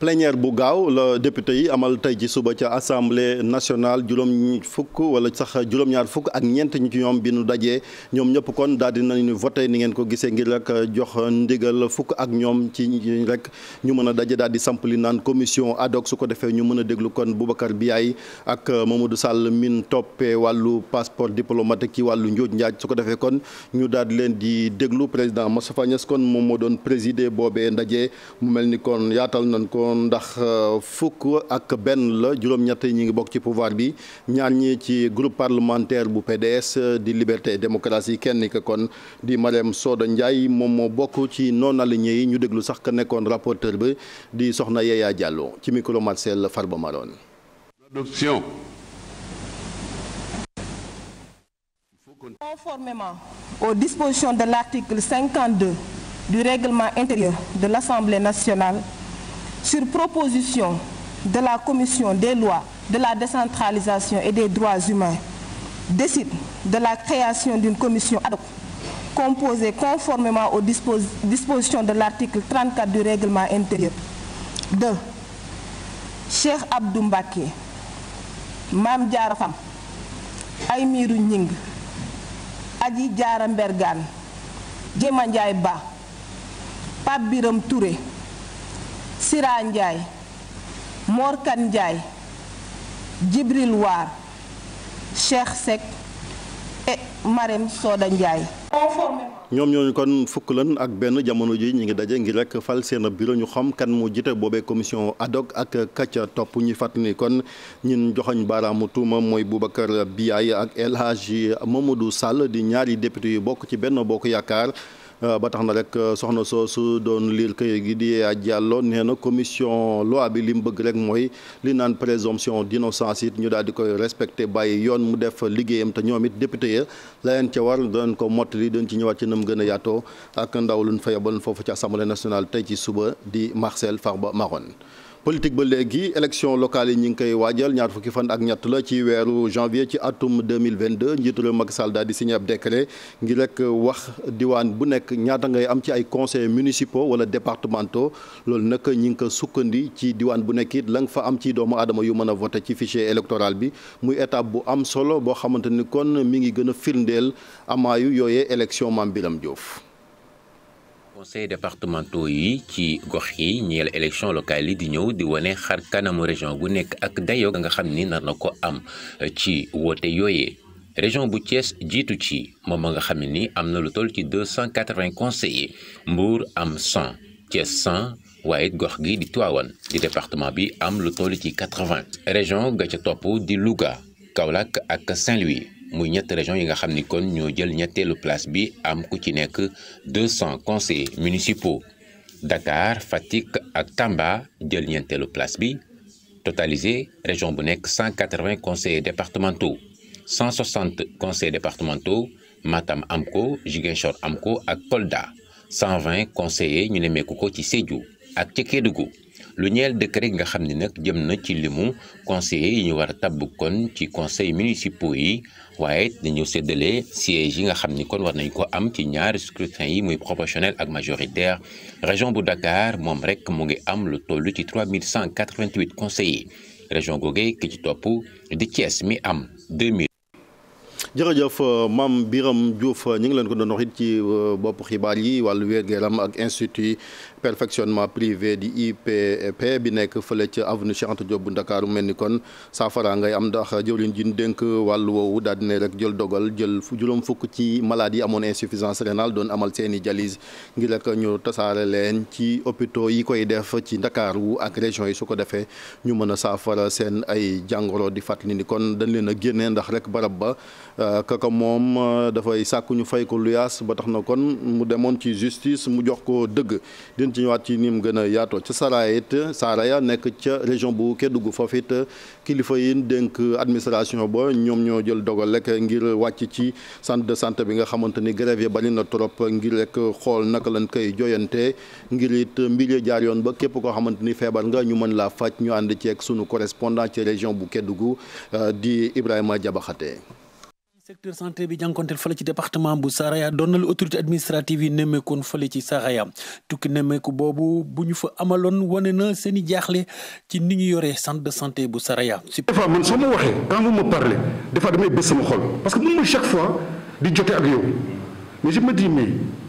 plénière bu gaaw la député yi amal tey ci suba ca assemblée nationale juróom fukk wala sax juróom-ñaar fukk ak ñeent ñu ci ñoom bi nu dajee ñoom ñëpp kon daal di nañu voté ni ngeen ko gisee ngir rek jox ndigal fukk ak ñoom ci rek ñu mën a daje daal di samp li naan commission ad hoc su ko defee ñu mën a déglu kon Boubacar Biaye ak du Sall min toppee wàllu passeport diplomatique ci wàllu njuuj njaaj su ko defee kon ñu daal di leen di déglu président Moustapha kon moom moo doon présider boobee ndaje ndax euh, fukk ak benn la juróom-ñett ñu ngi bokk ci pouvoir bi ñaar ñi ci groupe parlementaire bu PDS euh, di liberté et démocratie kenn ki kon di Marème Soda Ndiaye moom moo bokk ci non-alignés ñu déglu sax ka nekkoon rapporteur bi di soxna Yaya Diallo ci micro Marcel Farba Maroon. L'adoption. Conformément sur proposition de la commission des lois de la décentralisation et des droits humains décide de la création d'une commission ad hoc composée conformément aux dispositions de l'article 34 du règlement intérieur de Cheikh Abdou Mbacké Mame Diarra Fam Aymirou Gning Adji Diarra Mbergane Djema Ndiaye Ba Pape Biram Touré Sira Ndiaye Morkan Ndiaye Djibril Waar Cheikh Seck et Marème Soda Ndiaye ñoom ñooñu kon fukk lan ak benn jamono ji ñu ngi daje ngir rek fal seen bureau ñu xam kan mu jite boobe commission ad ak kacca topp ñu fàttali kon ñun joxoñ baaraamu tuuma mooy Boubacar Biaye ak El Hadji Mamadou Sall di ñaari député yi bokk ci benn bokk yaakaar Euh, ba tax na rek euh, soxna soo su doon liir këyit gi di Yaya Diallo nee na commission loi bi li mu bëgg rek mooy li naan présomption d'innocence it ñu daal di koy respecté bàyyi yoon mu def liggéeyam te ñoom it député ya la leen ca war dañ ko mottali dañ ci ñëwaat ci nam gën a yaatoo ak ndaw luñ fa yebal foofu ci assemblée nationale tey ci suba di Marcel ba Maron politique ba léegi élection locale yi ñu ngi koy waajal ñaar fukki fan ak ñett la ci weeru janvier ci atum 2022 njiitu réew Macky Sall daal di signé ab décret ngir rek wax diwaan bu nekk ñaata ngay am ci ay conseils municipaux wala départementaux loolu nag ñi ngi ko sukkandi ci diwaan bu nekk it la nga fa am ci doomu aadama yu mën a voté ci fichier électoral bi muy étape bu am solo boo xamante ni kon mi ngi gën a firndeel amaayu yooyee élection Mame Birame Diouf conseil départementaux yi ci gox yi ñeel élection locale yi di ñëw di wane xar kanamu région bu nekk ak dayoo nga xam ni nar na ko am eh, ci woote yooyee région bu Thiès jiitu ci moom a nga xam ne ni am na lu toll ci 280 conseillers Mbour am 100 Thiès 100 waaye gox gi di Tivaouane di département bi am lu toll ci 80 région ga ca topp di Louga Kaolack ak Saint-Louis muy ñett région yi nga xam ni kon ñoo jël ñetteelu place bi am ku ci nekk 200 conseillers municipaux Dakar Fatick ak Tamba jël ñeenteelu place bi totalisé région bu nekk 180 conseillers départementaux 160 conseillers départementaux Matam am ko Ziguinchor am ko ak Kolda 120 conseillers ñu nemmeeku ko ci Sédhiou ak ci Kédougou lu ñeel décret nga xam ni nag jëm na ci limu conseillers yi ñu war a tabb kon ci conseil municipaux yi waaye dañu séddale sièges yi nga xam ni kon war nañ ko am ci ñaari scrutin yi muy proportionnel ak majoritaire région bu Dakar moom rek mu ngi am lu toll ci 3188 conseillers région googee ki ci topp di Thiès mi am 2000. jërëjëf maam Biram Diouf ñu ngi leen ko doon ci euh, bopp xibaar yi wàllu wér ak institut perfectionnement privé di IPP bi nekk fële ca avenue Cheikh Anta Diop bu Ndakaaru mel ni kon saafara ngay am ndax jëwriñ ji dénk wàll woowu daal dina rek jël dogal jël juróom fukk ci malade yi amoon insuffisance rénale doon amal seeni dialyse ngir rek ñu tasaare leen ci opito yi koy def ci Ndakaaru ak région yi su ko defee ñu mën a saafara seen ay jàngoro di fàttali ni kon dañ leen a génne ndax rek barab ba euh, kaka moom euh, dafay sàkku ñu fay ko luyaas ba tax na kon mu demoon ci justice mu jox ko dëgg ci ñëwaat ci nii mu gën a yaatoo ca Saraya it Saraya nekk ca région bu Kédougou foofu it kilifa yi dénk administration ba ñoom ñoo jël dogal rek ngir wàcc ci centre de santé bi nga xamante ni grève yi bari na trop ngir rek xool naka lañ koy joyante ngir it mbir jaar yoon ba képp koo xamante ni feebar nga ñu mën laa faj ñu ànd ci ak sunu correspondant ci région bu keddugu di Ibrahima jabaxate secteur santé bi jànkonteel fële ci département bu Saraya doon na lu autorité administrative yi nemmeekoon fële ci Saraya tukki nemmeeku boobu bu ñu fa amaloon wane na seen i jaaxle ci ni ñu yoree centre de santé bu Saraya. des fois man soo ma waxee quand vous me parlez des damay bés sama xol parce que mënuma chaque fois di jote ak yow mais je me dis mais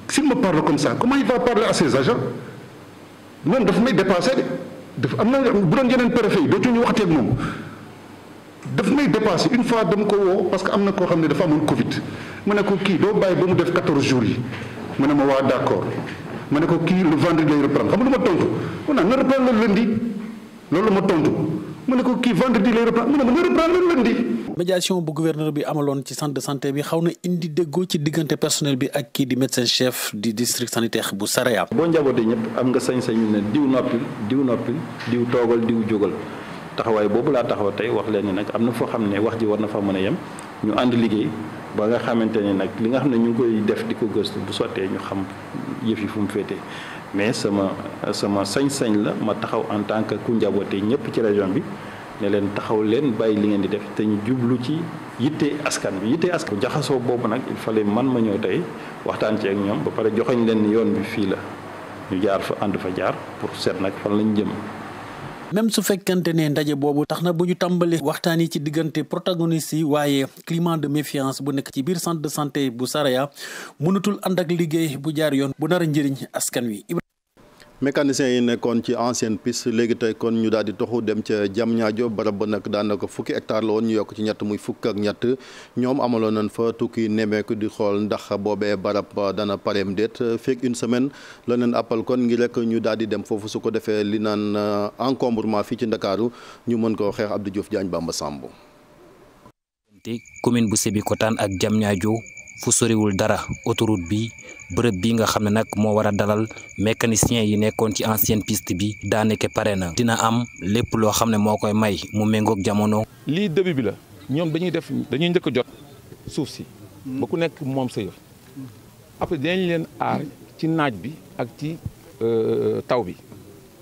s'il me parle comme ça comment il va parler à ses agents moom dafa may dépassé de am na bu doon yeneen préfet yi dootuñu waxatee daf may dépassé une fois dama ko woo parce que am na koo xam ne dafa amoon Covid ma ne ko kii doo bàyyi ba mu def 14 jours yi mu ne ma waa d' mu ne ko kii le vendredi lay reprendre xam nga lu ma tontu mu na reprendre le lundi loolu ma tontu ma ne ko kii vendredi lay reprendre mu ne ma na reprendre le lundi. médiation bu gouverneur bi amaloon ci centre de santé bi xaw na indi déggoo ci diggante personnel bi ak kii di médecin chef du district sanitaire bu Saraya. boo njabootee ñëpp am nga sañ-sañu ne diw noppil diw noppil diw toogal diw jógal. taxawaay boobu laa taxaw tey wax leen ni nag am na foo xam ne wax ji war na fa mën a yem ñu ànd liggéey ba nga xamante ni nag li nga xam ne ñu ngi koy def di ko gëstu bu sottee ñu xam yëf yi fu mu féetee mais sama sama sañ-sañ la ma taxaw en tant que ku njaboote ñëpp ci région bi ne leen taxaw leen bàyyi li ngeen di def te ñu jublu ci yitte askan bi yitte askan jaxasoo boobu nag il fallait man ma ñëw tey waxtaan ci ak ñoom ba pare joxañ leen yoon bi fii la ñu jaar fa ànd fa jaar pour seet nag fan lañ jëm même su fekkante ne ndaje boobu tax na bu ñu tàmbali waxtaan yi ci diggante protagonistes yi waaye climat de méfiance bu nekk ci biir centre de santé bu Saraya mënatul ànd ak liggéey bu jaar yoon bu nar a njëriñ askan wi. mécaniciens yi nekkoon ci ancienne piste léegi tey kon ñu daal di toxu dem ca Diamniadio barab ba nag daanaka fukki hectare la woon ñu yokk ci ñett muy fukk ak ñett ñoom amaloon nan fa tukki nemmeeku di xool ndax boobee barab dana pareem déet fekk une semaine la leen kon ngi rekk ñu daal di dem foofu su ko defee li naan euh, encombrement fii ci Ndakaaru ñu mën koo xeex di jof Diagne Bamba Samb. commune bu Sébikotane ak Diamniadio fu soriwul dara autoroute bi bërëb bi nga xam ne nag moo war a dalal mécanicien yi nekkoon ci ancienne piste bi daaneke pare na dina am lépp loo xam ne moo koy may mu méngoog jamono. lii début bi la ñoom dañuy def dañuy njëkk jot suuf si. Mm. ba ku nekk moom sa yëf. Mm. après dinañ leen aar ci naaj bi ak ci euh, taw bi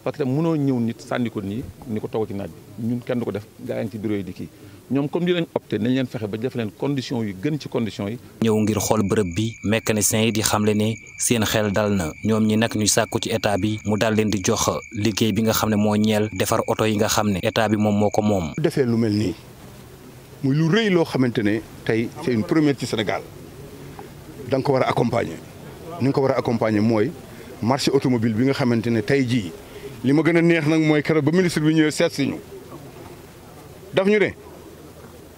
parce que mënoo ñëw nit sànni ko nii ni ko toog ci naaj bi ñun kenn du ko def gaa yi ci bureau yi di kii. ñoom comme dinañ opté nañ leen fexe ba def leen condition yu gën ci condition yi. ñëw ngir xool bërëb bi mécanicien yi di xamle ne seen xel dal na ñoom ñi nag ñuy sàkku ci état bi mu dal leen di jox liggéey bi nga xam ne moo ñeel defar oto yi nga xam ne état bi moom moo ko moom. defee lu mel nii muy lu rëy loo xamante ne tey c'est une première ci Sénégal da ko war a accompagner ñu ngi ko war a accompagner mooy marché automobile bi nga xamante ne tey jii li ma gën a neex nag mooy keroog ba ministre bi ñëwee seet si ñu ne.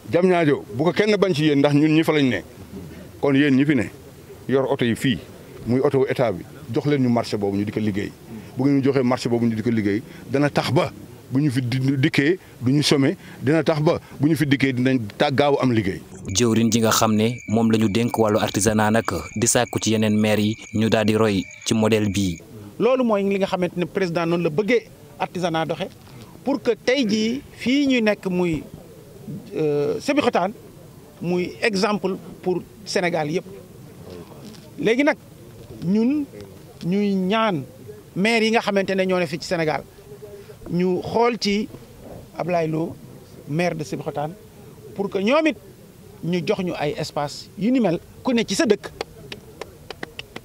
jam ñaajo bu kenn bañ ci yéen ndax ñun ñi fa lañ ne kon yéen ñi fi ne yor oto yi fii muy oto état bi jox leen ñu marché boobu ñu di ko liggéey bu ñu joxee marché boobu ñu di ko liggéey dana tax ba bu ñu fi dikkee du ñu some dina tax ba bu ñu fi dikkee dinañ tàggaaw am liggéey. jëwrin ji nga xam ne moom la ñu dénk wàllu artisanat nag di sàkku ci yeneen maire yi ñu daal di roy ci modèle bii. loolu mooy li nga xamante ne président noonu la bëggee artisanat doxe pour que tey jii fii ñuy nekk muy. Euh, Sébikotane muy exemple pour Sénégal yëpp léegi nag ñun ñuy ñaan maire yi nga xamante ne ñoo ne fii ci Sénégal ñu xool ci Ablaye maire de Sébikotane pour que ñoom it ñu jox ñu ay espace yu ni mel ku ne ci sa dëkk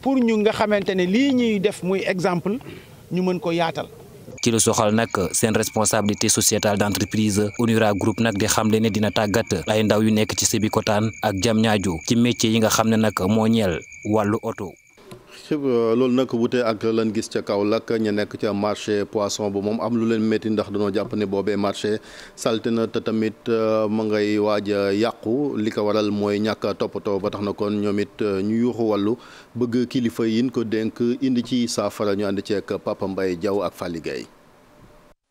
pour ñu nga xamante ne lii ñuy def muy exemple ñu mën ko yaatal ci lu soxal nag seen responsabilité sociétale d'entreprise Onura Group nag di xamle ne dina tàggat ay ndaw yu nekk ci Sébikotane ak Diamniadio ci métier yi nga xam ne nag moo ñeel wàllu oto Euh, loolu nag wutee ak lan gis ca kaw Kaolack ñu nekk ca marché poisson bu moom am lu leen métti ndax dañoo jàpp ne boobee marché salte na te tamit euh, ma ngay waaj a yàqu li ko waral mooy ñàkk toppatoo ba tax na kon ñoom it euh, ñu yuuxu wàllu bëgg kilifa yin ko dénk indi ci saafara ñu ànd ceeg Papa Mbaye Diaw ak Fally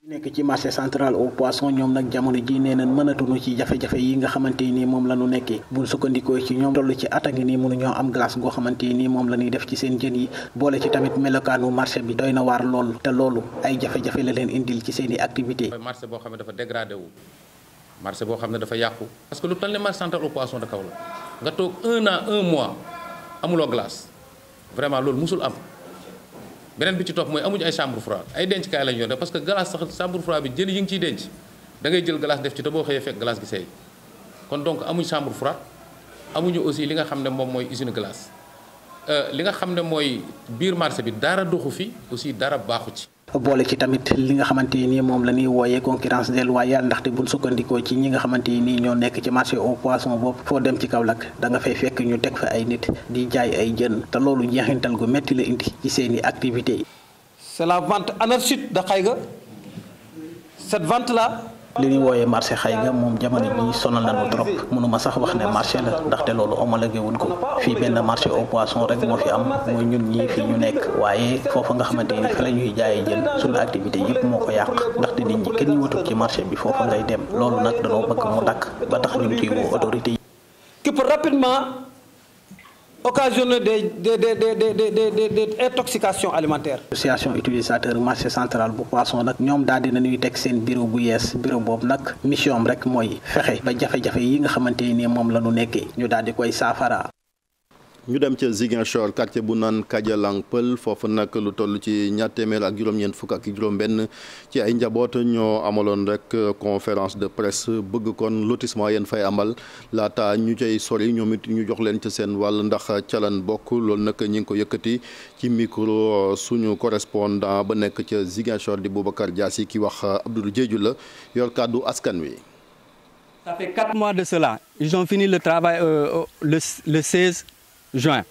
nekk ci marché central au poisson ñoom nag jamono ji nee nañ mënatuñu ci jafe-jafe yi nga xamante nii moom la ñu nekkee buñ sukkandikoo ci ñoom toll ci at a ngi nii mënuñoo am glace goo xamante nii moom la ñuy def ci seen jën yi boole ci tamit melokaanu marché bi doy na waar loolu ay jafe-jafe la leen indil ci seen i activité marché boo xam ne dafa dégradé wu marché boo xam ne dafa yàqu parce que lu toll ne marché central au poisson de Kaolack nga toog un an un beneen bi ci topp mooy amuñu ay chambre froide ay dencukaay lañu yor parce que glace sax chambre froide bi jën yi ngi ciy denc da jël glace def ci te boo xëyee fekk glace gi seey kon donc amuñu chambre froide amuñu aussi li nga xam ne moom mooy usine glace euh, li nga xam ne mooy biir marché bi dara doxu fi aussi dara baaxu ci. boole ci tamit li nga xamante ni moom la ñuy wooyee concurrence déloyale ndaxte buñ sukkandikoo ci ñi nga xamante ni ñoo nekk ci marché au poisson boobu foo dem ci Kaolack da nga fay fekk ñu teg fa ay nit di jaay ay jën te loolu jeexintal gu métti la indi ci seeni activités yi. c'est la vente anarchique de Khaïga cette vente là. li ñuy wooyee marché xayga moom jamono ji sonal nañu trop mënuma sax wax ne marché la ndaxte loolu homologué wuñ ko fii benn marché au poisson rek moo fi am mooy ñun ñii fi ñu nekk waaye foofa nga xamante ni fa la ñuy jaayee jën suñu activité yëpp moo ko yàq ndaxte nit ñi kenn ñëwatul ci marché bi foofa ngay dem loolu nag danoo bëgg mu dakk ba tax ñu ngi ciy autorité yi. occasionné des de des des des des des intoxications alimentaires. association utilisateur marché central bu poisson nag ñoom daal dina teg seen bureau bu yees bureau boobu nag mission rek mooy fexe ba jafe-jafe yi nga xamante ne moom la ñu nekkee ñu daal di koy saafara. ñu dem ca Ziguinchor quartier bu naan Kajalang Pël foofu nag lu toll ci ñaar ak juróom-ñeent fukk ak juróom-benn ci ay njaboot ñoo amaloon rek conférence de presse bëgg koon lotissement yéen fay amal laata ñu cay sori ñoom it ñu jox leen ci seen wàll ndax calan bokk loolu nag ñi ngi ko yëkkati ci micro suñu correspondant ba nekk ca Ziguinchor di Boubacar Diassi ki wax Abdoul Diédhiou la yor kàddu askan wi. ça quatre mois de cela ils ont fini le travail euh, juin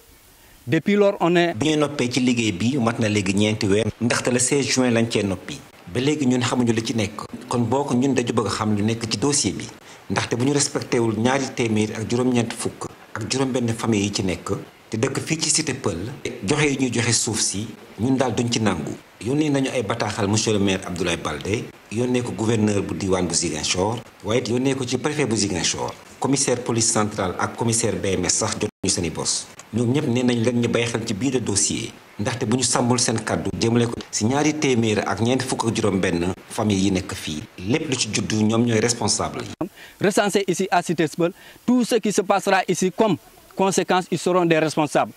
depuis lors on bi ñu noppee ci liggéey bi mat na léegi ñeenti weer. ndaxte la 16 juin lañ cee noppi. ba léegi ñun xamuñu li ci nekk. kon boo ko ñun dañu bëgg xam lu nekk ci dossier bi. ndaxte bu ñu respecté wul ñaari téeméer ak juróom-ñeent fukk. ak juróom-benn famille yi ci nekk. te dëkk fii ci cité Pël. joxe yi ñuy joxe suuf si. ñun daal duñ ci nangu. yónnee nañu ay bataaxal monsieur le maire Abdoulaye Baldé. yónnee ko gouverneur bu diwaan bu Ziguinchor. waaye it yónnee ko ci préfet bu Ziguinchor. commissaire police centrale ak commissaire BMS sax jotuñu seen i bos ñoom ñëpp nee nañ leen ñu bàyyi xel ci biir dossier ndaxte bu ñu sàmmul seen kàddu jëmale ko si ñaari téeméer ak ñeenti fukk ak juróom-benn famille yi nekk fii lépp lu ci juddu ñoom ñooy responsable yi. recenser ici à Cité Sibel tout ce qui se passera ici comme conséquence ils seront des responsables.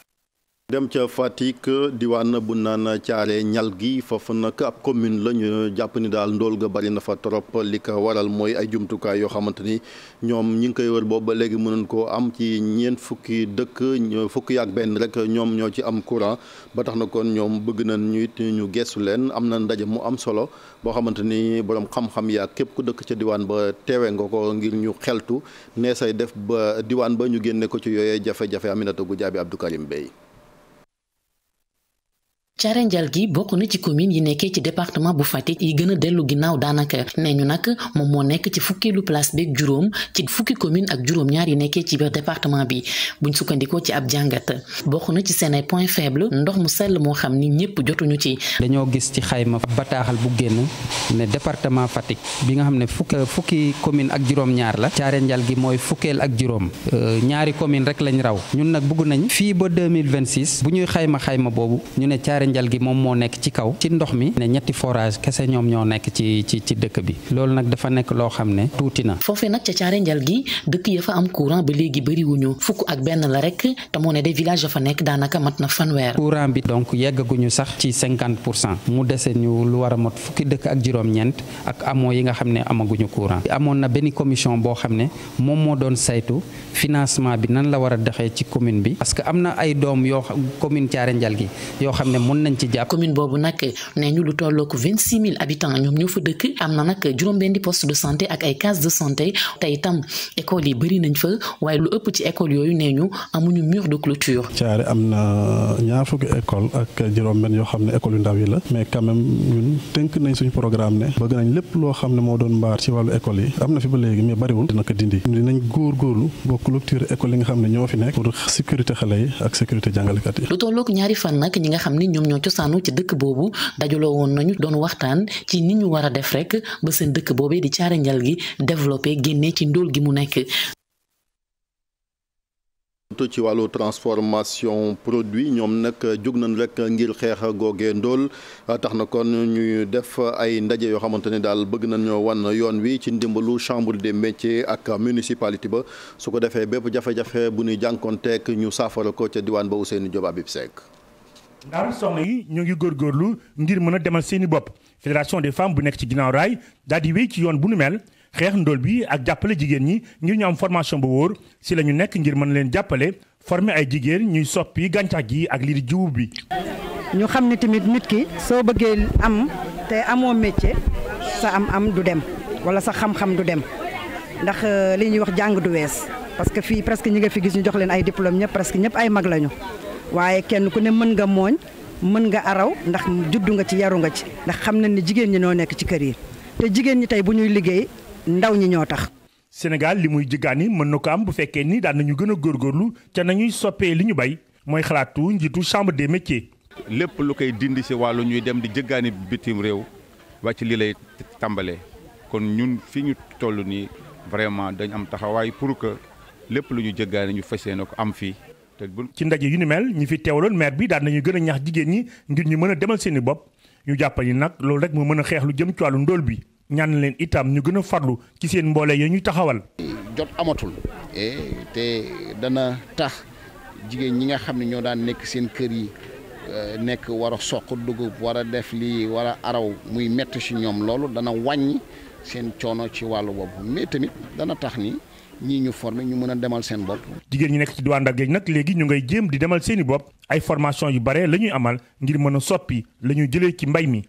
dem ca Fatick diwaan bu naan caare ñal gi foofu nag ab commune lañu jàpp ni daal ndool ga bari na fa trop li ko waral mooy ay jumtukaay yoo xamante ni ñoom ñi ngi koy wër boobu ba léegi mënoon koo am ci ñeent fukki dëkk fukki ak benn rek ñoom ñoo ci am courant ba tax na kon ñoom bëgg na ñu ñu geesu leen am na ndaje mu am solo boo xamante ni borom xam-xam yaa képp ku dëkk ca diwaan ba teewe nga ko ngir ñu xeltu nee say def ba diwaan ba ñu génne ko ci yooyee jafe-jafe Aminata Goudiaby Abdou Karim Bey Caare Njaal gi bokk na ci commune yi nekkee ci département bu Fatick yi gën a dellu ginnaaw daanaka nee ñu nag moom moo nekk ci fukkeelu place beeg juróom ci fukki ak juróom-ñaar yi nekkee ci département bi buñ sukkandikoo ci ab jàngat bokk na ci seen ay point ndox mu sell moo xam ni ñëpp jotuñu ci. dañoo gis ci xayma bataaxal bu génn ne département Fatick bi nga xam ne fukki fukki commune ak juróom-ñaar la Caare Njaal gi mooy fukkeel ak juróom euh, ñaari commune rek lañ raw ñun nag bëgg nañ fii ba bu ñuy xayma xayma boobu ñu ne Caare Faranjal gi moom moo nekk ci kaw ci ndox mi ne ñetti forage kese ñoom ñoo nekk ci ci ci dëkk bi loolu nag dafa nekk loo xam ne tuuti na. foofee nag ca njal gi dëkk ya fa am courant ba léegi bariwuñu fukk ak benn la rek te moo ne de village ya fa nekk daanaka mat na fanweer. courant bi donc yeggaguñu sax ci cinquante pour cent mu dese ñu lu war a mot fukki dëkk ak juróom-ñeent ak amoo yi nga xam ne amaguñu courant. amoon na benn commission boo xam ne moom moo doon saytu financement bi nan la war a doxee ci commune bi parce que am na ay doom yoo commune Thiarendial gi mën nañ ci jàpp. commune boobu nag nee ñu lu tollook vingt six mille habitants ñoom ñoo fa dëkk am na nag juróom-benni poste de santé ak ay case de santé tey itam école yi bëri nañ fa waaye lu ëpp ci école yooyu nee ñu amuñu mur de clôture. caare am na ñaa fukki école ak juróom-benn yoo xam ne école yu ndaw yi la mais quand même ñun tënk nañ suñu programme ne bëgg nañ lépp loo xam ne moo doon mbaar ci wàllu école yi am na fi ba léegi mais bariwul dina ko dindi dinañ góorgóorlu ba clôture école yi nga xam ne ñoo fi yi ak sécurité jàngalekat yi. lu tollook ñaari fan nag ñi nga xam ne ñoom ñoo cosaanu ci dëkk boobu dajaloo woon nañu doon waxtaan ci ni ñu war a def rek ba seen dëkk boobee di caare njal gi développé génne ci ndóol gi mu nekk. ci wàllu transformation produit ñoom nag jóg nañ rek ngir xeex googee ndóol tax na kon ñuy def ay ndaje yoo xamante ne daal bëgg nañu wan yoon wi ci ndimbalu chambre de métiers ak municipalité ba su ko defee bépp jafe-jafe bu nuy ñuy jànkoonteek ñu saafara ko ca diwaan ba Ousseynou Diop Habib Seck ndax soxna yi ñoo ngi góorgóorlu ngir mën a demal seeni bopp fédération des femmes bu nekk ci ginnaaw raay daal ci yoon bu nu mel xeex ndóol bi ak jàppale jigéen ñi ngir ñu am formation bu wóor si la ñu nekk ngir mën leen jàppale former ay jigéen ñuy soppi gàncax gi ak lii di jiwu bi. ñu xam ne tamit nit ki soo bëggee am te amoo métier sa am-am du dem wala sa xam-xam du dem ndax euh, li ñuy wax jàng du wees parce que fii presque ñi nga fi gis ñu jox leen ay diplôme ñëpp presque ñëpp ay mag lañu. waaye kenn ku ne mën nga mooñ mën nga araw ndax juddu nga ci yaru nga ci ndax xam nañ ne jigéen ñi noo nekk ci kër yi te jigéen ñi tey bu ñuy liggéey ndaw ñi ñoo tax. Sénégal li muy jëgaani mën na ko am bu fekkee ni daan nañu gën a góorgóorlu ca nañuy soppee li ñu bay mooy xalaatu njiitu chambre dee métiers. lépp lu koy dindi si wàllu ñuy dem di jëggaani bitim réew wàcc li lay tàmbalee kon ñun fi ñu toll nii vraiment dañ am taxawaay pour que lépp lu ñu jëggaani ñu fas yéene ko am fii. ci ndaje yu ni mel ñi fi teewaloon maire bi daan nañu gën a ñaax jigéen ñi ngir ñu mën a demal seeni bopp ñu jàpp ni nag loolu rek mu mën a xeex lu jëm ci wàllu bi ñaan leen itam ñu gën a farlu ci seen mboole yi ñuy taxawal. jot amatul e, te dana tax jigéen ñi nga xam ne ñoo daan nekk seen kër yi e, nekk war a soq dugub war a def lii war araw muy mett ci ñoom loolu dana wàññi seen coono ci wàllu boobu mais tamit dana tax ni. ñii ñu former ñu mën a demal seen bopp. jigéen ñi nekk ci diwaan Ndar Géej nag léegi ñu ngay jéem di demal seen bopp ay formation yu bare la ñuy amal ngir mën a soppi la ñuy jëlee ci mbay mi.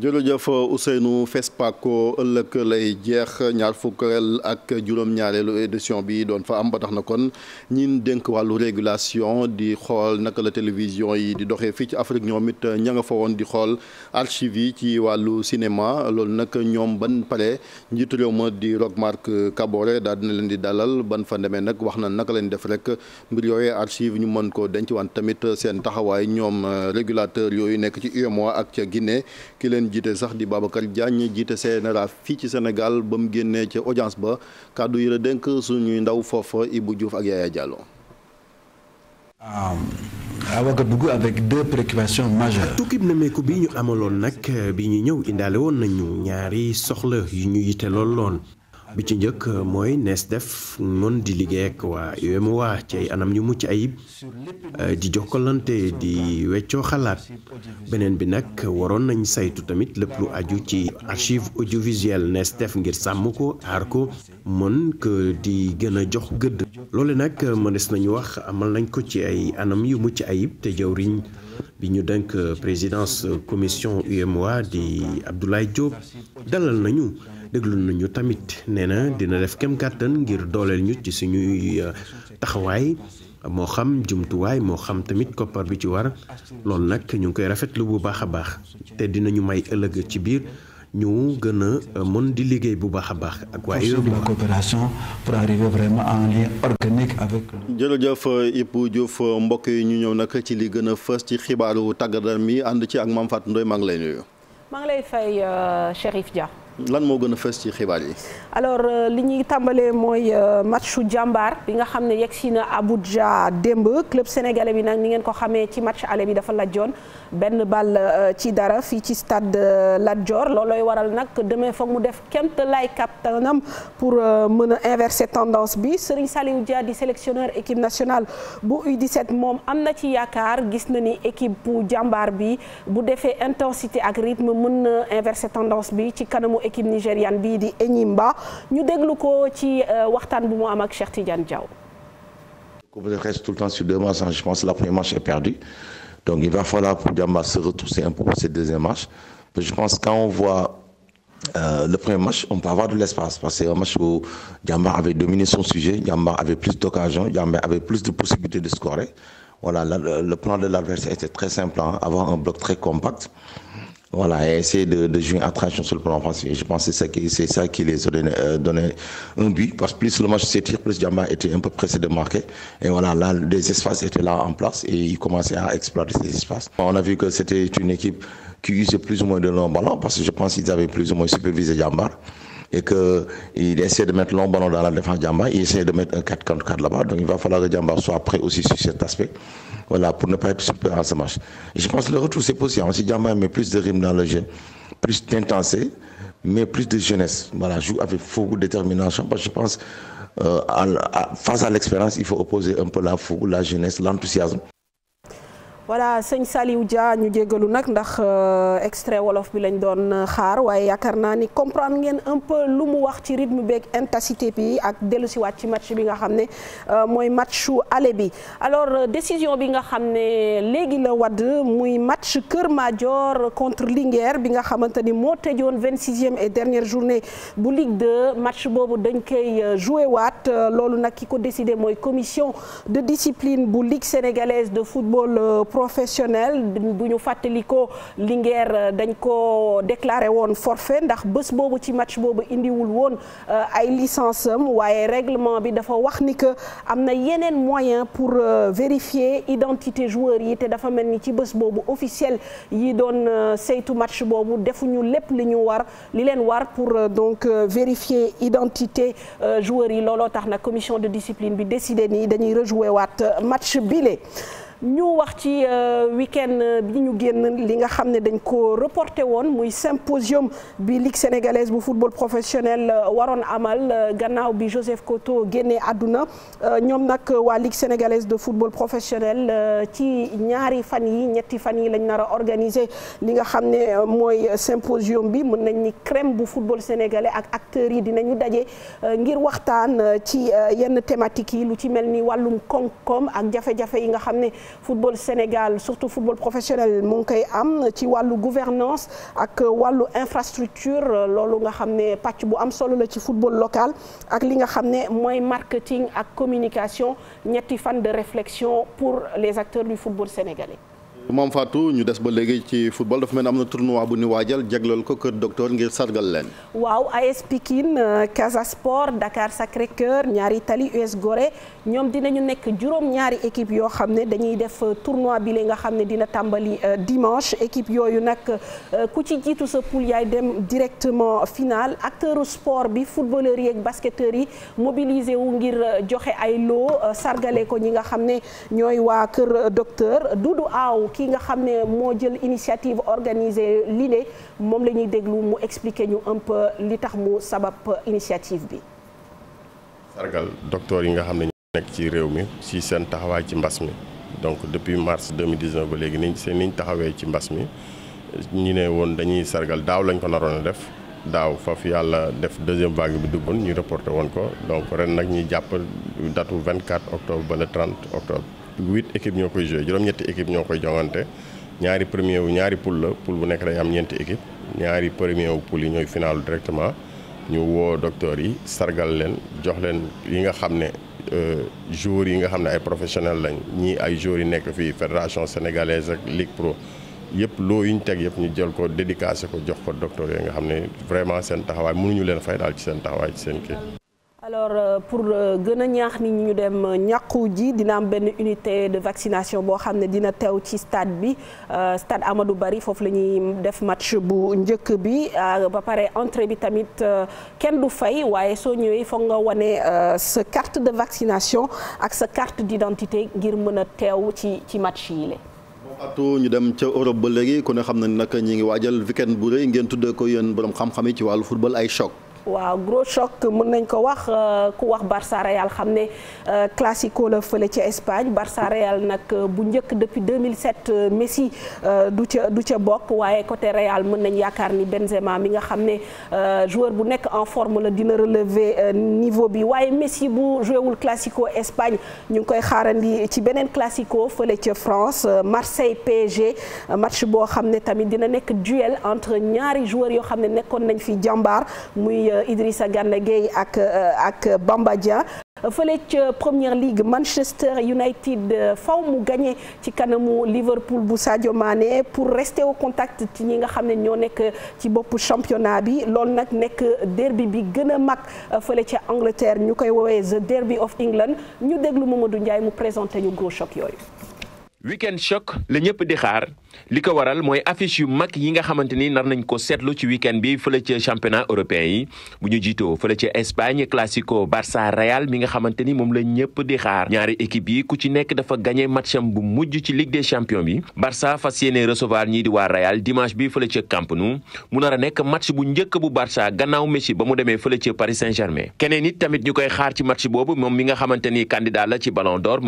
jërëjëf Ousseynou FESPACO ëllëg lay jeex ñaar fukkeel ak juróom-ñaareelu édition bi doon fa am ba tax na kon ñin dénk wàllu régulation di xool naka la télévision yi di doxee fii ci Afrique ñoom it ña nga fa woon di xool archive yi ci wàllu cinéma loolu nag ñoom ban pare njiitu réew ma di Roch Marc Kaboré daal dina leen di dalal ban fa demee nag wax na naka lañ def rek mbir yooyee archive ñu mën koo denc waan tamit seen taxawaay ñoom euh, régulateur yooyu nekk ci UEMOA ak ca leen jiite sax di Babacar Diagne jiite CNRA fii ci Sénégal ba mu génnee ca audience ba kàddu yi la dénk suñuy ndaw foofa Ibou Diouf ak Yaya Diallo. à ah, Ouagadougou avec deux préoccupations majeures. tukkib nameeku bi ñu amaloon nag bi ñu ñëw indaale woon nañu ñaari soxla yu ñu yite lool loon. bi ci njëkk euh, mooy nees def mën di liggéey waa UEMOA ci anam yu mucc ayib euh, di jokkalante di weccoo xalaat beneen bi nag waroon nañ saytu tamit lépp lu aju ci archive audiovisuelle nees def ngir sàmm ko aar ko mën ko di gën a jox gëdd. loole nag euh, mënees nañu wax amal nañ ko ci ay anam yu mucc ayib te jawriñ bi ñu dénk présidence commission UEMOA di Abdoulaye Diop dalal nañu. déglu nañu tamit nee na dina def kem kàttan ngir dooleel ñu ci suñuy euh, taxawaay moo xam jumtuwaay moo xam tamit koppar bi ci war loolu nag ñu ngi koy rafetlu bu baax a baax te dinañu may ëllëg ci biir ñu gën a euh, mën di liggéey bu baax a baax ak waaye la coopération pour arriver vraiment en lien organique avec jërëjëf euh, Ibou Diouf mbokk yi ñu ñëw nag ci li gën a fës ci xibaaru tàggat mi ànd ci ak Mame Fatou Ndoye lay nuyu lan moo gën a fës ci xibaar yi. alors euh, li ñuy tàmbalee mooy euh, matchu jàmbaar bi nga xam ne yegg si na Abuja démb club sénégalais bi nag ni ngeen ko xamee ci match aller bi dafa lajjoon benn bal euh, ci dara fii ci stade Lat Dior loolooy waral nag demee foog mu def kemt lay kaptanam pour mën a inverser tendance bi Serigne Saliou Dia di sélectionneur équipe nationale bu U17 moom am na ci yaakaar gis na ni équipe bu jàmbaar bi bu defee intensité ak rythme mën na inverser tendance bi ci kanamu. équipe nigériane bii di Enyimba ñu déglu ko ci euh, waxtaan bu mu am ak Cheikh Tidiane Diaw. Coupe de reste tout le temps la première match est perdue donc il va falloir pour Diamba se retrousser un peu pour cette deuxième match mais je pense quand on voit euh, le premier match on peut avoir de l'espace parce que c'est un match où Diamba avait dominé son sujet Diamba avait plus d'occasions Diamba avait plus de possibilités de scorer voilà la, le plan de l'adversaire était très simple avoir un bloc très compact voilà, et essayer de, de jouer une attraction sur le plan offensif. Je pense que c'est c'est ça qui les a donné, euh, un but, parce que le match s'étire, plus Djamba était un peu pressé de marquer. Et là, les espaces étaient là en place et ils commençaient à exploiter ces espaces. On a vu que c'était une équipe qui usait plus ou moins de leur ballon, parce que je pense qu'ils avaient plus ou moins supervisé Djamba. et que il essaie de mettre long ballon dans la défense Diamba, il essaie de mettre un 4 contre 4 là-bas. Donc il va falloir que Diamba soit prêt aussi sur cet aspect. Voilà, pour ne pas être super en ce match. je pense le retour, c'est possible. Si Diamba met plus de rythme dans le jeu, plus d'intensité, mais plus de jeunesse. Voilà, joue avec beaucoup détermination parce que je pense, euh, face à l'expérience, il faut opposer un peu la fougue, la jeunesse, l'enthousiasme. voilà sëñ Saliou Dia ñu jéggalu nag ndax euh, extrait wolof bi lañ doon euh, xaar waaye yaakaar naa ni comprendre ngeen un peu lu mu wax ci ritme beeg intensité bi ak dellusiwaat ci match bi nga xam ne euh, mooy matchu aller bi. alors décision bi nga xam ne léegi la wadd muy match Kër Madior contre Linguère bi nga xamante ni moo tëjoon vingt sixième et dernière journée bu Ligue 2 match boobu dañ koy joué waat loolu nag ki ko décider mooy commission de discipline bu Ligue sénégalaise de football. professionnel bu ñu fàttali ko Linguère euh, dañ ko déclaré woon forfait ndax bës boobu ci match boobu indiwul woon euh, ay licence waaye règlement bi dafa wax ni que am na yeneen moyen pour euh, vérifier identité joueur yi te dafa mel ni ci bës boobu officiel yi doon saytu match boobu defuñu lépp li ñu war li leen war pour donc vérifier identité joueur yi looloo tax na commission de discipline bi décidé nii dañuy rejouer waat match bile ñu wax ci euh, week-end bi ñu génn li nga xam ne dañ ko reporté woon muy symposium bi ligue sénégalaise bu football professionnel euh, waroon amal euh, gannaaw bi Joseph Koto génnee àdduna ñoom nag waa ligue sénégalaise de football professionnel ci ñaari fan yi ñetti fan yi lañ nar a organiser li nga xam ne mooy symposium bi mën nañ ni crème bu football sénégalais ak acteur yi dinañu daje ngir waxtaan ci yenn thématiques yi lu ci mel ni wàllum koom-koom ak jafe yi nga xam ne football Sénégal surtout football professionnel mu ngi koy am ci wàllu gouvernance ak wàllu infrastructure loolu nga xam ne pàcc bu am solo la ci football local ak li nga xam ne mooy marketing ak communication ñetti fan de réflexion pour les acteurs du football sénégalais Maam Fatou ñu des ba léegi ci football dafa mel ni am na tournoi bu ñu waajal jagleel ko kër docteur ngir sargal leen. waaw AS Pikine euh, Casa Sport Dakar sacre Cœur ñaari Tali US Gorée ñoom ñu nekk juróom ñaari équipe yoo xam ne dañuy def euh, tournoi bi li nga xam ne dina tàmbali euh, dimanche équipe yooyu nag ku ci jiitu sa poule yaay dem directement final acteur sport bi footballeur yi ak basketteurs yi mobilisé wu ngir joxe ay loo sargale ko ñi nga xam ne ñooy waa kër docteur Doudou Aw. ki nga xam ne moo jël initiative organisée ne moom la ñuy déglu mu expliquer ñu un peu li tax mu sabab initiative bi. sargal docteur yi nga xam ne ñu nekk ci réew mi si seen taxawaay ci mbas mi donc depuis mars 2019 ba léegi niñ seen niñ taxawee ci mbas mi ñu ne woon dañuy sargal daaw lañ ko naroon a def. daaw foofu yàlla def deuxième vague bi duggoon ñuy reporté woon ko donc ren nag ñuy jàpp datu 24 octobre ba le 30 octobre huit équipes ñoo koy joué juróom-ñetti koy joŋante ñaari premier wu ñaari poule la poule bu nekk day am ñeenti équipe ñaari premier wu poule yi ñooy final directement ñu woo doctor yi sargal leen jox leen yi nga xam ne euh, joueurs yi nga xam ne ay professionnel lañ ñii ay joueurs yi nekk fii fédération sénégalaise ak ligue pro yëpp loo yi ñu teg yëpp ñu jël ko dédicacé ko jox ko docteur yi nga xam ne vraiment seen taxawaay mënuñu leen fay daal ci seen taxawaay ci seen kii. alors euh, pour euh, gën a ñaax nit ñu dem euh, ñàqu ji dina am benn unité de vaccination boo xam ne dina teew ci stade bi stade Amadou Barry foofu la ñuy def match bu njëkk bi ba pare entrée bi tamit kenn du fay waaye soo ñëwee foog nga wane sa carte de vaccination ak sa carte d'identité ngir mën a teew ci ci match yi la ñu dem ca Europe ba léegi ku na ni nag ñi bu rëy ko yéen borom xam yi ci wàllu football ay choc waaw gros choc mën nañ ko wax euh, ku wax Barça Real xam ne euh, classico la fële ca Espagne Barça Real nag euh, bu njëkk depuis 2007 Messi du ca du ca bokk waaye côté Real mën nañ yaakaar ni Benzema mi nga xam ne joueur bu nekk en forme la dina relever niveau bi waaye Messi bu joué wul classico Espagne ñu ngi koy xaarandi ci beneen classico fële ca France Marseille PSG match boo xam ne tamit dina nekk duel entre ñaari joueurs yoo xam ne nekkoon nañ fi jàmbaar muy. Euh, Idrissa Gana Gueye ak euh, ak Bamba Dia fële ca Premier League Manchester United euh, faw mu gagné ci kanamu Liverpool bu Sadio Mané pour rester au contact ci ñi nga xam ne ñoo nekk ci boppu championnat bi loolu nag nekk derby bi gën a mag fële ca Angleterre ñu koy woowee the derby of England ñu déglu Mamadou Ndiaye mu présenté ñu gros choc yooyu. weekend choc la ñëpp di xaar li ko waral mooy affiche yu mag yi nga xamante ni nar nañ ko seetlu ci weekend bi fële ca championnat européen yi bu ñu jiitoo fële ca Espagne classico Barça Real mi nga xamante ni moom la ñëpp di xaar ñaari équipe yi ku ci nekk dafa gagné matcham bu mujj ci Ligue des champions bi Barça fas yéene recevoir ñii di waa Real dimanche bi fële ca Camp mu nar a nekk match bu njëkk bu Barça gannaaw Messi ba mu demee fële ca Paris ni candidat la ci Ballon d'Or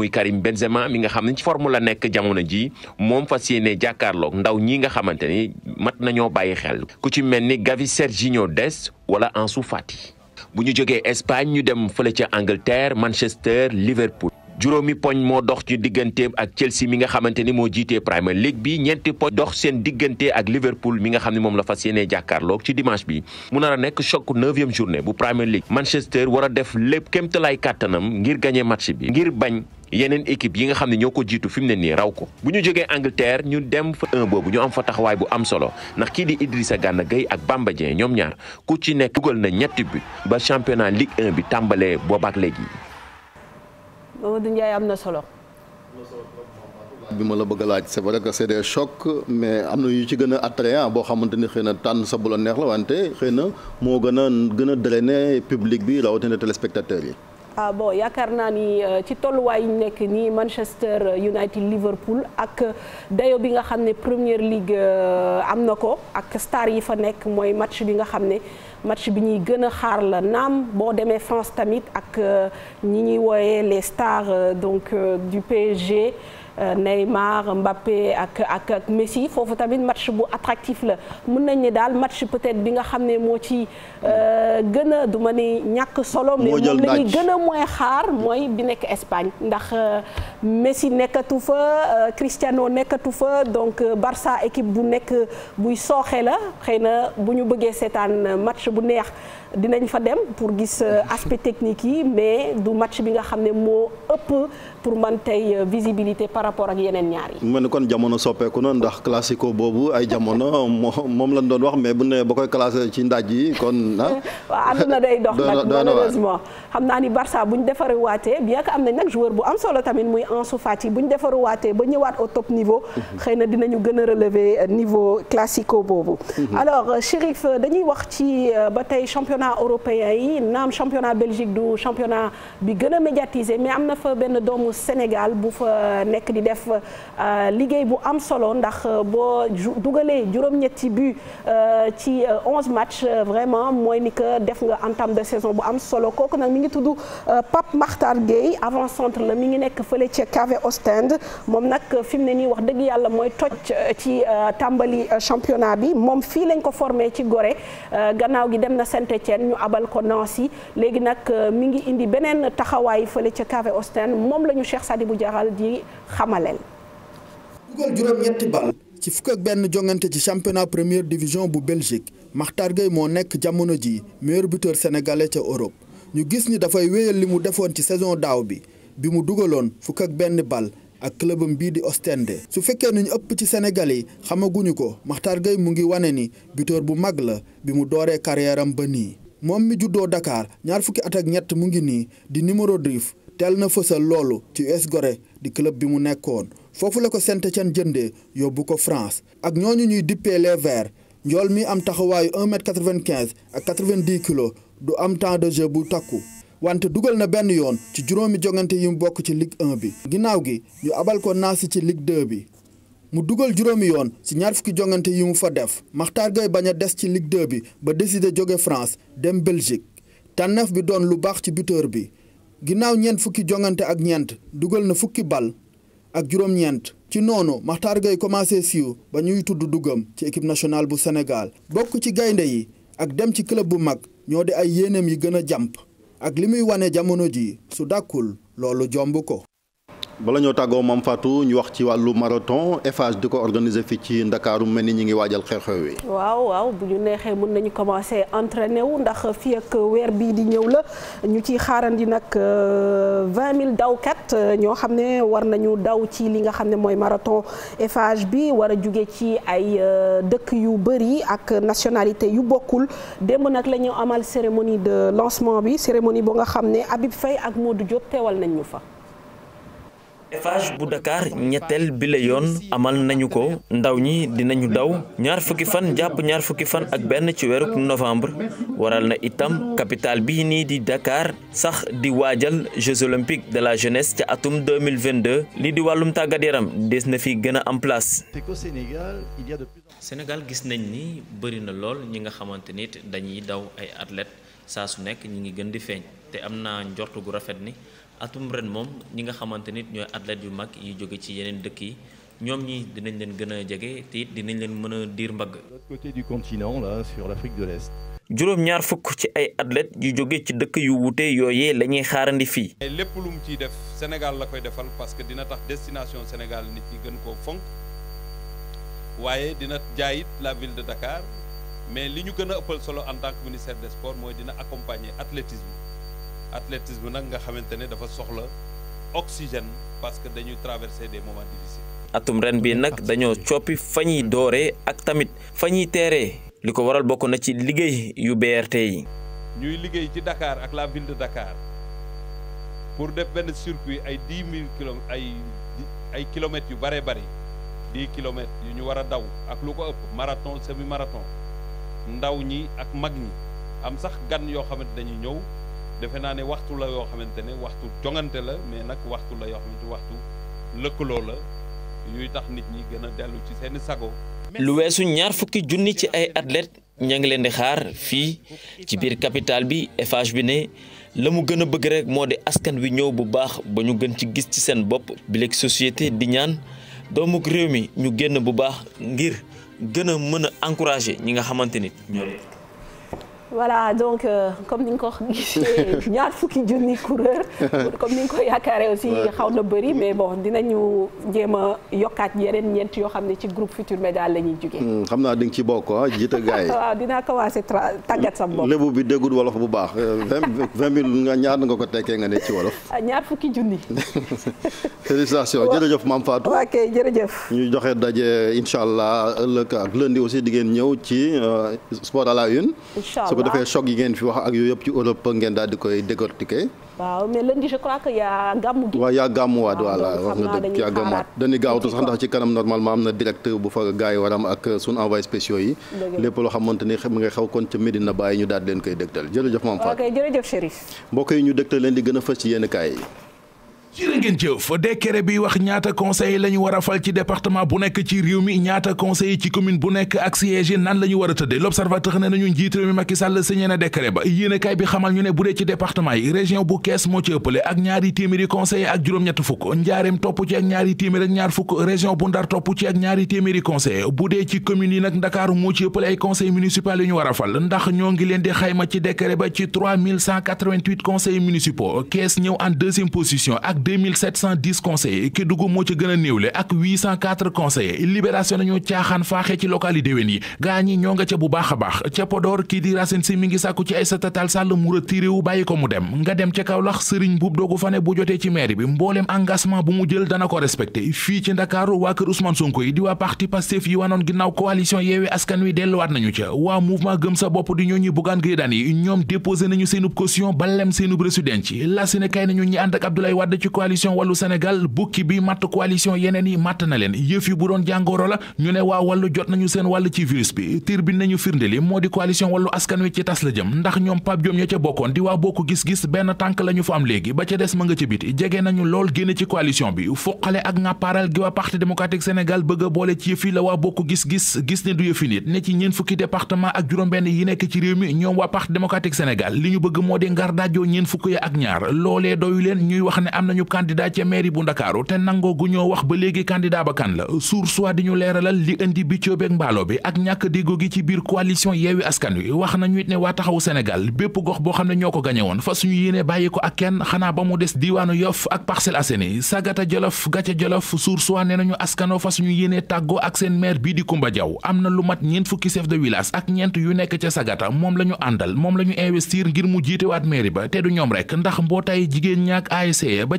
nga xam ne ci forme nekk nekk jamono ji moom fas yéene jàkkaarloog ndaw ñi nga xamante ni mat nañoo bàyyi xel ku ci mel ni Gavi Serginho Dest wala Ansu Fati bu ñu jógee Espagne ñu dem fële ca Angleterre Manchester Liverpool juróomi poñ moo dox ci diggante ak Chelsea mi nga xamante ni moo jiitee Premier League bi ñeenti poñ dox seen diggante ak Liverpool mi nga xam ne moom la fas yéenee jàkkaarloog ci dimanche bi mu nar nekk choc neuvième journée bu Premier League Manchester war bi yeneen équipe yi nga xam ne ñoo ko jiitu fi mu ne nii raw ko bu ñu jógee Angleterre ñu dem fa boobu ñu am fa taxawaay bu am solo ndax kii di Idrissa Gana Gueye ak Bamba ñoom ñaar ku ci nekk dugal na ñetti bi ba championnat Ligue 1 bi tàmbalee boobaak léegi. Mamadou Ndiaye am na solo. bi ma la bëgg a laaj c'est vrai que c'est des chocs mais am na yu ci gën a attrayant boo xamante ni xëy na tànn sa bu neex la wante xëy na moo gën a gën a drainer public bi rawatina téléspectateurs yi. ah bon yaakaar naa ni euh, ci tolluwaay yi nekk nii Manchester United Liverpool ak dayo bi nga xam ne Premier League euh, am na ko ak star yi fa nekk mooy match bi nga xam ne match bi ñuy gën a xaar la naam boo demee France tamit ak euh, ñi ñuy wooyee les stars donc du PSG. Euh, Neymar Mbappé ak ak ak Messi foofu tamit match bu attractif la mun nañ ne daal match peut-être bi nga xam ne moo ci euh, gën a du ma ni ñàkk solo. mais moom la ñuy gën a mooy xaar mooy bi nekk Espagne ndax euh, Messi nekkatu fa Cristiano nekkatu fa donc Barça équipe bu nekk buy sooxe la xëy na bu ñu bëggee seetaan match bu neex. dinañ fa dem pour gis aspect technique yi mais du match bi nga xam ne moo ëpp pour man tey euh, visibilité par rapport ak yeneen ñaar yi. mu ne kon jamono soppeeku na ndax classico boobu ay jamono moom lañ doon wax mais bu ne ba koy classé ci ndaaj yi kon. a ah. waaw àdduna day dox nag malheureusement. xam naa ni Barça bu ñu defaruwaatee bien que am nañ nag joueur bu am solo tamit muy Ansu Fati bu ñu defaruwaatee ba ñëwaat au niveau. Mhm. xëy na dinañu gën a euh, niveau classico boobu. Mhm. alors euh, Chérif dañuy wax ci ba tey championnat européen yi naam a Sénégal bu fa nekk di def euh, liggéey bu am solo ndax euh, boo dugalee juróom-ñetti but euh, ci onze match vraiment mooy ni que def nga entame de saison bu am solo kooku nag mi ngi tudd Pape Makhtar Gueye avant centre la mi ngi nekk fële ca KV Ostend moom nag fi mu ne nii wax dëgg yàlla mooy toj ci tàmbali championnat bi moom fii lañ ko formé ci Gorée gannaaw gi dem na Saint-Étienne ñu abal ko Nancy léegi nag mi ngi indi beneen taxawaay fële ca KV Ostend moom la ñu Cheikh Sadibou Diaral di xamaleel dugal juróom-ñetti ci fukk ak benn jongante ci championnat première division bu Belgique Makhtar Gueye moo nekk jamono ji meilleur buteur sénégalais ca Europe ñu gis ni dafay wéyal li mu defoon ci saison daaw bi bi mu dugaloon fukk ak benn bal ak clubam bii di Ostende su fekkee ni ñu ëpp ci Sénégal yi xamaguñu ko Makhtar Gueye mu ngi wane ni buteur bu mag la bi mu dooree carrière ba nii moom mi juddoo Dakar ñaar fukki at ak ñett mu ngi nii di numéro 10 teel na fësal loolu ci US di club bi mu nekkoon foofu la ko Saint-Étienne jënde yóbbu ko France ak ñooñu ñuy dippee les Verts njool mi am taxawaayu 1 mètre 95 ak 90 kilos du am temps de jeu bu takku wante dugal na benn yoon ci juróomi jongante yi mu bokk ci Ligue 1 bi ginnaaw gi ñu abal ko naasi ci Ligue 2 bi mu dugal juróomi yoon ci ñaar fukki jongante yi mu fa def Makhtar Gueye bañ a des ci Ligue 2 bi ba décider jóge France dem Belgique tànneef bi doon lu baax ci buteur bi ginnaaw ñeent fukki jongante ak ñeent dugal na fukki bal ak juróom-ñeent ci noonu Makhtar Gueye commencé siiw ba ñuy tudd dugam ci équipe national bu Sénégal bokk ci gaynde yi ak dem ci club bu mag ñoo di ay yéeneem yi gën a jàmp ak li muy wane jamono ji su dàkkul loolu jomb ko bala ñoo tàggoo Mame Fatou ñu wax ci wàllu marathon Eiffage di ko organiser fi ci Ndakaaru mel ni ñi ngi waajal xew-xew wi waaw waaw bu ñu neexee mën nañu commencer entraîner wu ndax fi ak weer bii di ñëw la ñu ci xaarandi nag euh, vingt mille dawkat euh, ñoo xam ne war nañu daw ci li nga xam ne mooy marathon Eiffage bi war a jóge ci ay euh, dëkk yu bëri ak nationalité yu bokkul démb nag la ñu amal cérémonie de lancement bi cérémonie bu nga xam ne Habib Faye ak Modou jot teewal nañ ñu fa Eiffage bu Dakar ñetteel bi yoon amal nañu ko ndaw ñi dinañu daw ñaar fukki fan jàpp ñaar fukki fan ak benn ci weeru novembre waral na itam capital bii nii di Dakar sax di waajal Jeux olympiques de la jeunesse ca atum 2022 lii di wàllum tàggat yaram des na fi gën a am place. Sénégal gis nañ ni bëri na lool ñi nga xamante nit dañuy daw ay athlètes saa su nekk ñi ngi gën di feeñ te am na njort gu rafet ni. atum ren moom ñi nga xamante nit ñooy athlètes yu mag yi jóge ci yeneen dëkk yi ñoom ñi dinañ leen gën a jege te it leen mën a diir mbagg. de l'autre côté du continent là sur l'Afrique juróom ñaar fukk ci ay athlètes yu jóge ci dëkk yu wuute yooyee la ñuy xaarandi fii. lépp lu mu ciy def Sénégal la koy defal parce que dina tax destination Sénégal nit ñi gën koo fonk waaye dina jaayit la ville de Dakar mais li ñu gën a ëppal solo en tant que ministère des sports mooy dina accompagner athlétisme. athlétisme nag nga xamante ne dafa soxla oxygène parce que dañuy traverser des moments si atum ren bi nag dañoo coppi fa ñuy dooree ak tamit fa ñuy teeree li ko waral bokk na ci liggéey yu beerte yi. ñuy liggéey ci dakaar ak la ville de pour def benn circuit ay dix mille kilomètres ay ay kilomètres yu bëree bëri dix kilomètres yu ñu war a daw ak lu ko ëpp marathon semi marathon ndaw ñi ak mag ñi am sax gan yoo xamante dañuy ñëw. defe naa ne waxtu la yoo xamante ne waxtu jongante la mais nag waxtu la yoo xamante waxtu lëkkaloo la yuy tax gën a dellu ci sago. lu weesu ñaar fukki junni ci ay athlètes ña ngi leen di xaar fii ci biir capitale bi Eiffage bi ne la mu gën a bëgg rek moo di askan wi ñëw bu baax ba ñu gën ci gis ci seen bopp bileeg société di ñaan doomu réew mi ñu génn bu baax ngir gën a mën a encourager ñi nga xamante ni ñoom voilà donc euh, comme ni nga ko gisee ñaar fukki junni coureur comme ni nga ko yaakaaree aussi xaw na bëri mais bon dinañu jéem a yokkaat yeneen ñeent yoo xam ne ci groupe Futur Média la ñuy hmm, xam naa di nga ci bokk ah jiite gars yi waaw dinaa tàggat sa bopp lébu bi déggul wolof bu baax euh, vingt vingt mille nga ñaar nga ko tekkee nga ne ci wolof ah, ñaar fukki junni félicitations jërëjëf Mame Fatou ok jërëjëf ñu joxe daje incha allah ëllëg ak lundi aussi di ngeen ñëw ci euh, sport à la une ko defee choc yi ngeen fi wax ak yooyu yëpp ci Europe ngeen daal di koy décortiquer. waaw mais lundi je crois que yaa gàmmu gi. waaw yaa gàmmuwaat ah, voilà wax nga dëgg yaa gàmmuwaat dañuy gaawatu sax ndax ci kanam normalement am na direct bu fa gars yi waram ak suñu envoyé spéciaux yi. lépp loo xamante ni mi nga xew kon ca Medina Baye ñu daal di leen koy dégtal jërëjëf Mame Fatou. ok jërëjëf mbokk yi ñu dégtal leen di gën a fës ci yenn kaay yi ci ngeen jëf décret bi wax ñaata conseil la ñu war a fal ci département bu nekk ci réew mi ñaata conseil ci commune bu nekk ak siège yi nan la ñu war a tëddee l'observateur ne nañu njiit réew mi Macky Sall signé na décret ba yéenekaay bi xamal ñu ne bu dee ci département yi région bu Kees moo ci ëppale ak ñaari téeméeri conseil ak juróom-ñett fukk njaareem topp ci ak ñaari ñaar fukk région bu Ndar topp ci ak ñaari téeméeri conseil bu dee ci commune yi nag Ndakaaru moo ci ëppale ay conseil municipal ndax ñoo ngi leen di xayma ci décret ba ci 3188 conseils municipaux Kees ñëw en deuxième position ak 2710 conseillers Kédougou moo ci gën a néewle ak 804 conseillers nañu caaxaan faaxee ci local déwén yi gaa ñoo nga ca bu baax baax ca Podor kii di Racine Sy sàkku ci Aïssata Tall Sall mu retiré bàyyi ko mu dem nga dem ca Kaolack Serigne Boub Dogu Fane bu jotee ci maire bi mbooleem engagement bu mu jël dana ko respecté fii ci Ndakaaru waa kër Ousmane Sonko yi di waa parti Pastef yi wanoon ginnaaw coalition Yewwi Askan Wi delluwaat nañu nañu coalition wàllu Sénégal bukki bi matt coalition yeneen yi matt na leen yëf yi bu doon jàngoro la ñu ne waa wàllu jot nañu seen wàll ci virus bi tir bi nañu firnde li moo di coalition wàllu askan wi ci tas la jëm ndax ñoom Pape Diop ña ca bokkoon di waa bokk gis-gis benn tànk la fa am léegi ba ca des ma nga ca jege nañu lool génn ci coalition bi fuqale ak ngàppaaral gi waa parti démocratique Sénégal bëgg a boole ci yëf yi la waa bokk gis-gis gis ne du yëfi nit ne ci ñeen fukki département ak juróom-benn yi nekk ci réew mi ñoom moo di ngar daajoo ñeen fukk nekk candidat ca mairie bu ndakaaru te nangoo gu ñoo wax ba léegi candidat ba kan la source di ñu leeralal li indi bicco beeg mbaalo bi ak ñàkk déggoo gi ci biir coalition yeewi askan wi wax nañu it ne waa taxawu Sénégal bépp gox boo xam ne ñoo ko gañe woon fa suñu yéene bàyyi ko ak kenn xanaa ba mu des diiwaanu Yoff ak Parcelles Assainies sagata Jolof gàcca Jolof source nee nañu askanoo fa ñu yéene tàggoo ak seen maire bii di Kumba Jaw am na lu mat ñeent fukki chef de village ak ñeent yu nekk ca sagata moom la ñu àndal moom la ñu investir ngir mu jiitewaat mairie ba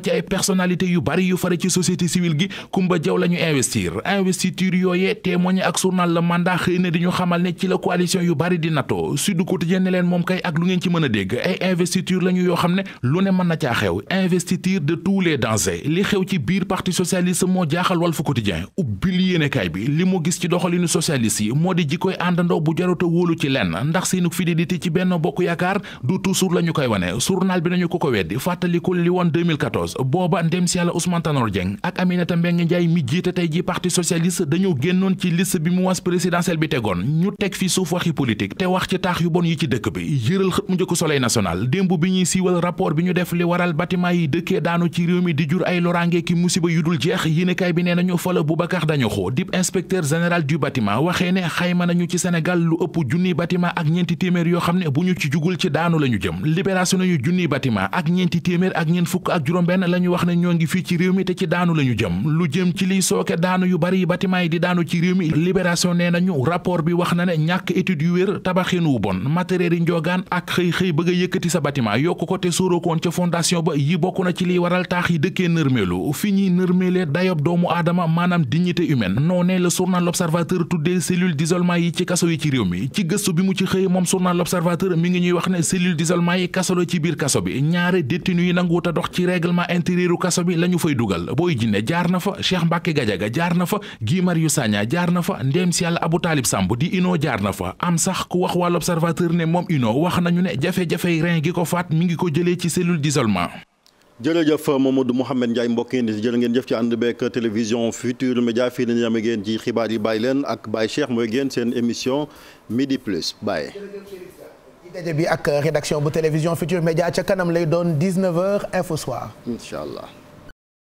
ci ay personnalité yu bari yu fare ci société civile gi Kumba Jaw la ñu investir investiture yooyee témoigné ak journal Le Mandat xëy na di ñu xamal ne ci la coalition yu bari di nato Sud Quotidien ne leen moom kay ak lu ngeen ci mën a dégg ay investiture la yoo xam ne lu ne mën na caa xew investiture de tout les dangers li xew ci biir parti socialiste moo jaaxal Walf Quotidien ubbil yéenekaay bi li mu gis ci doxalinu socialiste yi moo di jikkoy àndandoo bu jarota ci lenn ndax seenu fidélité ci benn bokk yaakaar du toujours la ñu koy wane journal bi nañu ko ko weddi fàttaliku li woon 2014 booba ndem si yàlla Ousmane Tanor Dieng ak Aminata Mbengue Ndiaye mi jiite tey ji parti socialiste dañoo génnoon ci liste bi mu was présidentielle bi tegoon ñu teg fi suuf waxi politique te wax ci taax yu bon yi ci dëkk bi yëral xët mu njëkk soleil national démb bi ñuy siiwal rapport bi ñu def li waral bâtiment yi dëkkee daanu ci réew mi di jur ay loraange ki musiba yu dul jeex yéenekaay bi nee nañu fala Boubacar Dañoxo dib inspecteur général du bâtiment waxee ne xayma nañu ci Sénégal ëpp junniy bâtiment ak ñeenti téeméer yoo xam ne bu ñu ci jugul ci daanu la ñu jëm libération nañu junniy bâtiment ak ñeenti téeméer ak ñeent fukk ak juróom benn la ñu wax ne ñoo ngi fii ci réew mi te ci daanu la ñu jëm lu jëm ci liy sooke daanu yu bari yi bâtiment yi di daanu ci réew mi libération nee nañu rapport bi wax na ne ñàkk étude yu wér tabaxin wu bon matériel yi njoogaan ak xëy-xëy bëgg a yëkkati sa bâtiment yokk ko te sóorookoon ca fondation ba yi bokk na ci liy waral taax yi dëkkee nërmeelu fi ñuy nërmeelee dayob doomu aadama maanaam dignité humaine noo ne la journal l'observateur tuddee cellule d'isolement yi ci kaso yi ci réew mi ci gëstu bi mu ci xëy moom journal l'observateur mi ngi ñuy wax ne cellule d'isolement yi kaso la ci biir kaso bi ñaare détenu yi nanguwut a dox ci intérieur kaso bi lañu fay dugal booy Djiné jaar na fa Cheikh Mbacké gajaga jaar na fa Guy yu Sagna jaar na fa ndéem si yàlla Abou Talib Samb di Inno jaar na fa am sax ku wax waa L'Observateur ne moom Inno wax nañu ne jafe-jafey rein gi ko faat mi ngi ko jëlee ci cellule d'isolement jërëjëf Mamadou Mouhamed Ndiaye mbokk yi jërë ngeen jëf ci ànd beek télévision Futurs Médias fii nañu amee ngeen ci xibaar yi bàyyi leen ak baay Cheikh mooy génn seen émission midi plus daje bi ak rédaction bu télévision Futur Média ca kanam lay doon 19h info soir. incha allah.